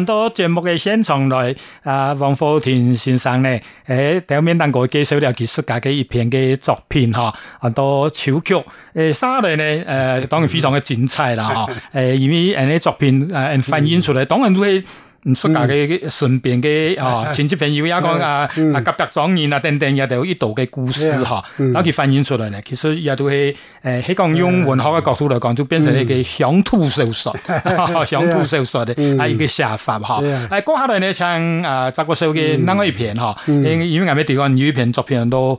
很多節目嘅現場來，阿黃火庭先生咧，喺表面同我介紹了解自家嘅一篇嘅作品，吓，好多小曲，誒，三類咧，誒，當然非常嘅精彩啦，吓，誒，因為誒啲作品誒反映出嚟，當然都係。唔識家嘅身邊嘅、哦、 啊親戚朋友，也講啊啊急急狀言啊等等，也都有一度的故事哈，咁 佢、嗯、反映出來呢，其實也都係誒喺講用文學的角度來講，就變成一個鄉土小說，鄉 土小說的啊，一個寫法哈。誒、 嗯，接、嗯、下、嗯、來，來呢，像啊，執、呃、秋菊嘅那個一篇哈、 嗯，因為外邊地方每一篇作品都。